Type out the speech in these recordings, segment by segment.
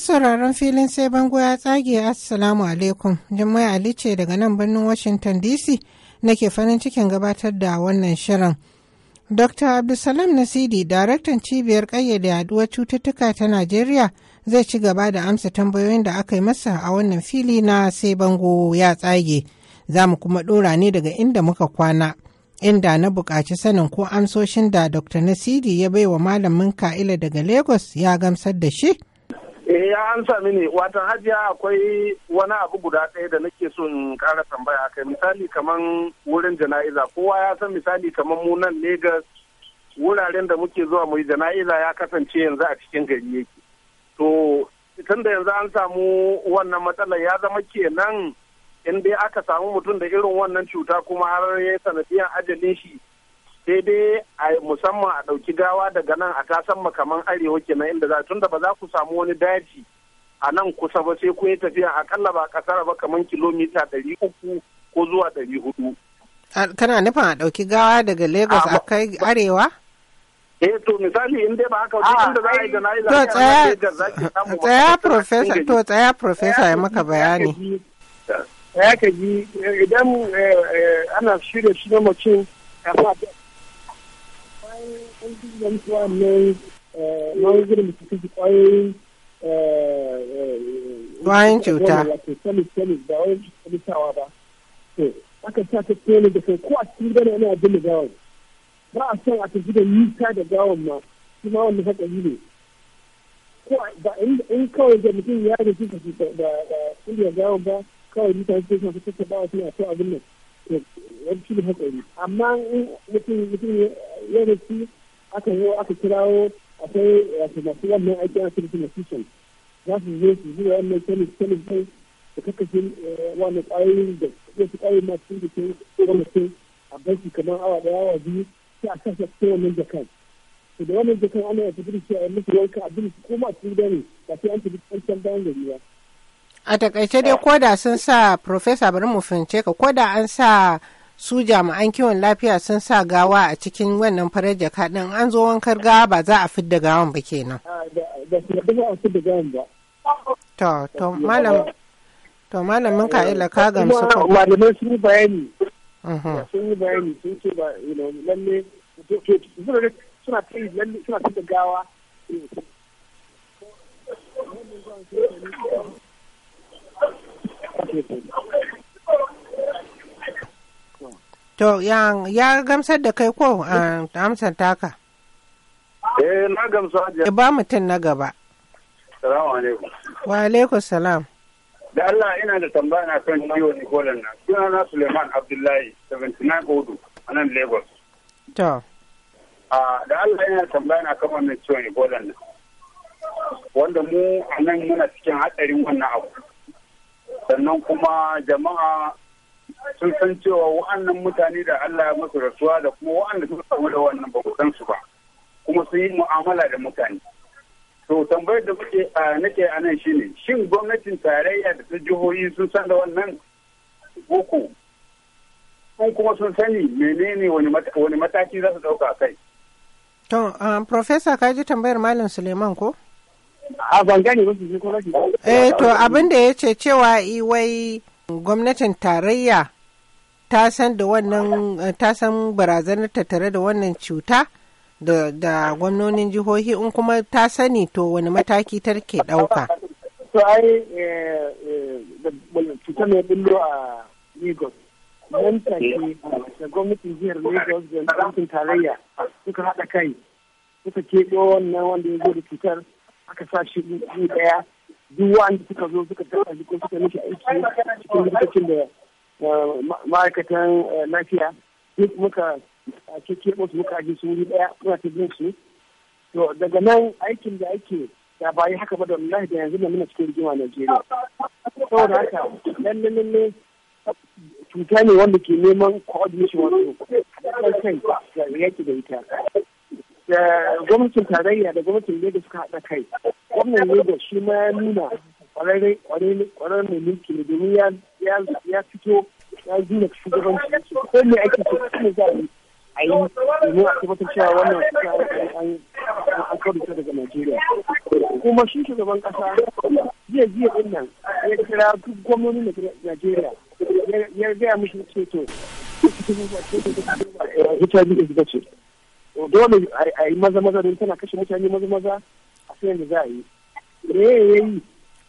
Masu sauraron filin sai bango ya tsage Assalamu alaikum. Jummai Ali ce daga nan birnin Washington DC nake farin cikin gabatar da wannan shirin. Dr. Abdulsalam Nasidi, daraktan cibiyar ƙayyade yaduwar cututtuka ta Najeriya zai ci gaba da amsa tambayoyin da aka yi masa a wannan fili na sai bango ya tsage. Za mu kuma ɗora ne daga inda muka kwana. inda na buƙaci sanin ko amsoshin da Dr. Nasidi ya baiwa malamin Ka'ila daga Lagos ya gamsar da shi Eh ya an sami ne watan hajiya akwai wani abu guda ɗaya da nake so in ƙara tambaya kai misali kaman wurin jana'iza kowa ya san misali kaman mu nan Lagos wuraren da muke zuwa mu jana'iza ya kasance yanzu a cikin gari yake. To tun da yanzu an samu wannan matsalar ya zama kenan in dai aka samu mutum da irin wannan cuta kuma har ya sanadiyan ajalin shi sai dai a musamman a ɗauki gawa daga nan a tasan makaman arewa kenan inda za tunda ba za ku samu wani daji a nan kusa ba sai ku yi tafiya akalla ba kasar ba kaman kilomita ɗari uku ko zuwa ɗari hudu. kana nufin a ɗauki gawa daga lagos a kai arewa? eh to misali in dai ba haka wajen inda za a yi yi jana'iza to tsaya tsaya professor to tsaya professor ya maka bayani ya ka ji idan ana shirya shi na mutum bayan an duba musu wannan magungunan da suke kwayoyin kwayoyin cuta wato ba wani salisawa ba to aka sa ta da kai ko a cikin yana jin da gawan ba a son a da nisa da ma kuma haka yi ne ko ba in kawai da mutum ya da jika da kuliyar gawan ba kawai mutane su kan fitar suna so abin nan to wani da haka amma mutum mutum yawanci aka zo aka kirawo akwai wato masu wannan aiki a cikin fishin za su zo su zuwa wannan kemis kemis ɗin da kakashin eh, wannan ƙwayoyin da wasu ƙwayoyin masu cikin jikin gwamnati a banki kamar awa da awa biyu sai a kasa cikin wannan jakan to da wannan jakan ana yi tafi da shi a yi musu wanka abin su koma cikin gani ba sai an tafi can bayan gari ba. a takaice dai koda sun sa profesa bari mu fahimce ka koda an sa su jami'an kiwon lafiya sun sa gawa a cikin wannan farar jaka ɗin an zo wankar gawa ba za a fidda gawan ba kenan. Ah, to, to, malam, to, malam mun ka ila ka gamsu. Malamai sun yi bayani. Mhm. Sun yi bayani sun ce ba, lalle, suna kai yi lalle suna fidda gawa. Thank you. To, ya gamsar da kai ko a amsar taka? Eh, na gamsu hajiya. Ba mutum na gaba. Salamu alaikum. Wa alaikum salam. Da Allah ina da tambaya na kan ciwo Nikolan na. Suna na Suleiman Abdullahi, 79 Odu, a nan Lagos. To. Da Allah ina da tambaya na kan wannan ciwon Nikolan na. Wanda mu a nan muna cikin hatsarin wannan abu. Sannan kuma jama'a sun san cewa wa'annan mutane da Allah ya masu rasuwa da kuma wa'anda suka samu da wannan ba su ba kuma sun yi mu'amala da mutane to tambayar da kuke a nake a nan shine shin gwamnatin tarayya da ta jihohi sun san da wannan boko sun kuma sun sani menene wani mataki za su dauka kai to professor ka ji tambayar malam suleiman ko a ban gani ba su ji ko eh to abin da ya ce cewa iwai gwamnatin tarayya ta san da wannan ta san barazanar tattare da wannan cuta da, da gwamnonin jihohi in kuma ta sani to wani mataki ke ɗauka. to ai eh, eh, cutar mai bullo a lagos nan take da gwamnatin jihar lagos da gwamnatin tarayya suka haɗa kai suka keɓo wannan wanda ya zo da cutar aka sa shi ɗaya duk wanda suka zo suka taɓa shi ko suka mishi aiki cikin lokacin da ma'aikatan eh, lafiya duk muka keke musu muka aji su wuri ɗaya muna ta bin su to daga nan aikin da ake da ba yi haka ba da wallahi da yanzu na muna cikin rigima Najeriya saboda haka lalle lalle cuta ne wanda ke neman coordination wato haɗaɗɗen kai ga yaki da ita da gwamnatin tarayya da gwamnatin ne da suka haɗa kai ne da shi ma ya nuna kwararren mai mulki ne domin ya fito ya nuna shugabanci ko me ake so kuma za a yi domin a tabbatar cewa wannan an karuta daga najeriya kuma shi shugaban kasa jiya jiya din nan ya kira duk gwamnonin da najeriya ya gaya musu ce to HIV is dole a yi maza maza don tana kashe mutane maza maza sai yadda za a yi me ya yi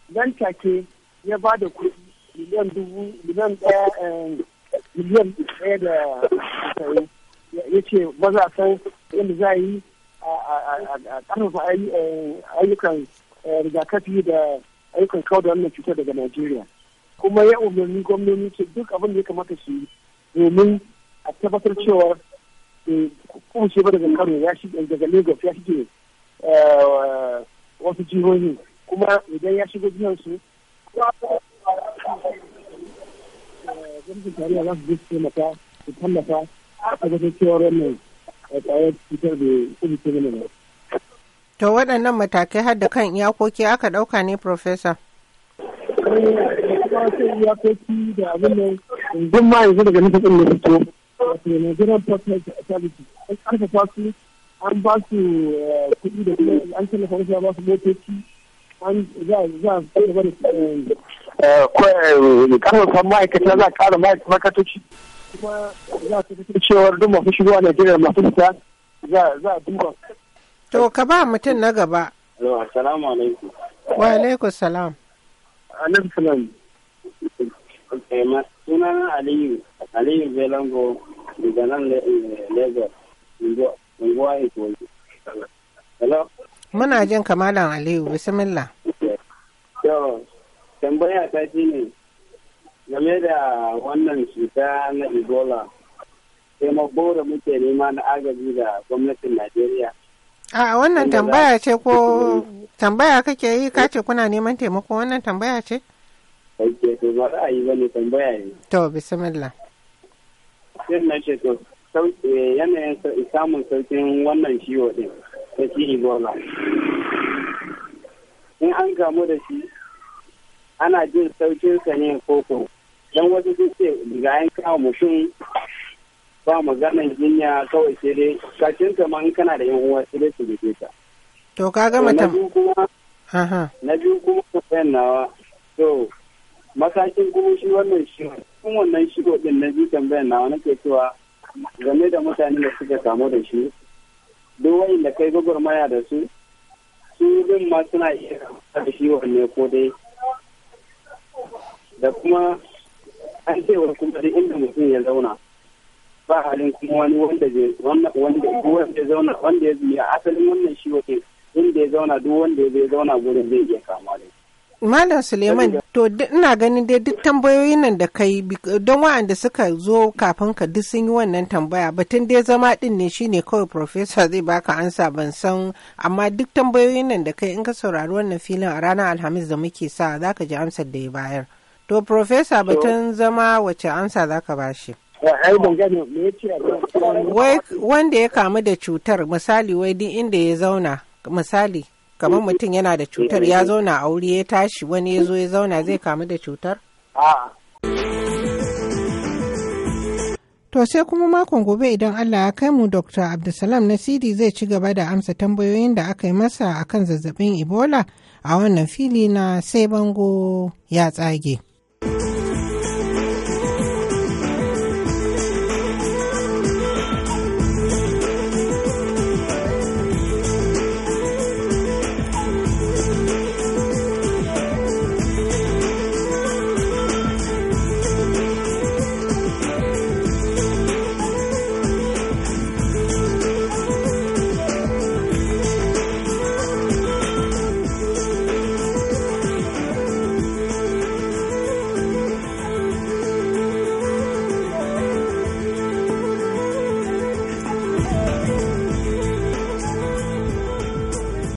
nan take ya ba da kuɗi miliyan dubu miliyan ɗaya eh, miliyan ɗaya da ya ce ba za san yadda za a yi a ƙarfafa eh, ayyukan eh, rigakafi da ayyukan kawo da wannan cutar daga najeriya kuma ya umarni gwamnoni ce duk abin da ya kamata su yi domin a tabbatar cewa kuma shi ba daga kano ya shi daga lagos ya shige Eh, wasu kuma idan ya shigo jihansu eh, za su je su tallafa wannan eh, To waɗannan matakai har da kan iyakoki aka ɗauka ne Profesa? iyakoki da abin da yanzu daga nufin da fito. Wato Nigerian Authority an an ba su kuɗi da kuma an tallafa wasu ba su motoci an za za su gaba da eh, eh, karfafa ma'aikata za a kara ma'aikatoci kuma za a tafi cewar duk masu shigowa na Najeriya masu fita za a duba. To ka ba mutum na gaba. assalamu alaikum. Wa alaikum salam. Alaikum salam. Eh, Sunana Aliyu, Aliyu Zelango, daga nan Lagos, Unguwa Ikoyi. Muna jin kamalan Aliyu, bismillah. Yau, tambaya ta shi ne game da wannan cuta na Ebola, taimako da muke nema na agaji da gwamnatin Najeriya. A wannan tambaya ce ko tambaya kake yi kace kuna neman taimako wannan tambaya ce? Ok, to ba za ra'ayi ba ne tambaya ne. To bismillah. Sai na ce to eh, yanayin samun saukin wannan ciwo ɗin. ta shi ebola in an gamu da shi ana jin saukinsa ne koko don wasu sun ce daga an kawo mutum ba maganan jinya kawai sai dai kacin kama in kana da yan uwa sai dai su dake ta to ka gama ta na biyu kuma tambayan nawa to matakin kuma shi wannan shi kun wannan shigo din na biyu tambayan nawa nake cewa game da mutane da suka kamu da shi akwai gwagwarmaya da su su bin ma suna iya shi wanne ko dai da kuma an ce wa kuma da inda mutum ya zauna ba halin kuma wani wanda wanda wanda ya zauna wanda ya zuya asalin wannan shi wace inda ya zauna duk wanda ya zauna gurin zai iya kama da Malam Suleiman, to ina ganin dai duk tambayoyin nan da kai don waɗanda suka zo kafin ka duk sun yi wannan tambaya batun dai zama ɗin ne shine kawai professor zai baka ansa ban san amma duk tambayoyin nan da kai in ka saurari wannan filin a ranar Alhamis da muke sa za ka ji amsar da ya bayar. To professor batun zama wace amsa za ka bashi? Wai wanda ya kamu da cutar misali wai duk inda ya zauna misali kamar mutum yana da cutar ya zauna a wuri ya tashi wani ya zo ya zauna zai kamu da cutar? To sai kuma makon gobe idan Allah ya kai mu Dr. Abdulsalam Nasiri zai ci gaba da amsa tambayoyin da aka yi masa akan zazzabin Ebola a wannan fili na sai bango ya tsage.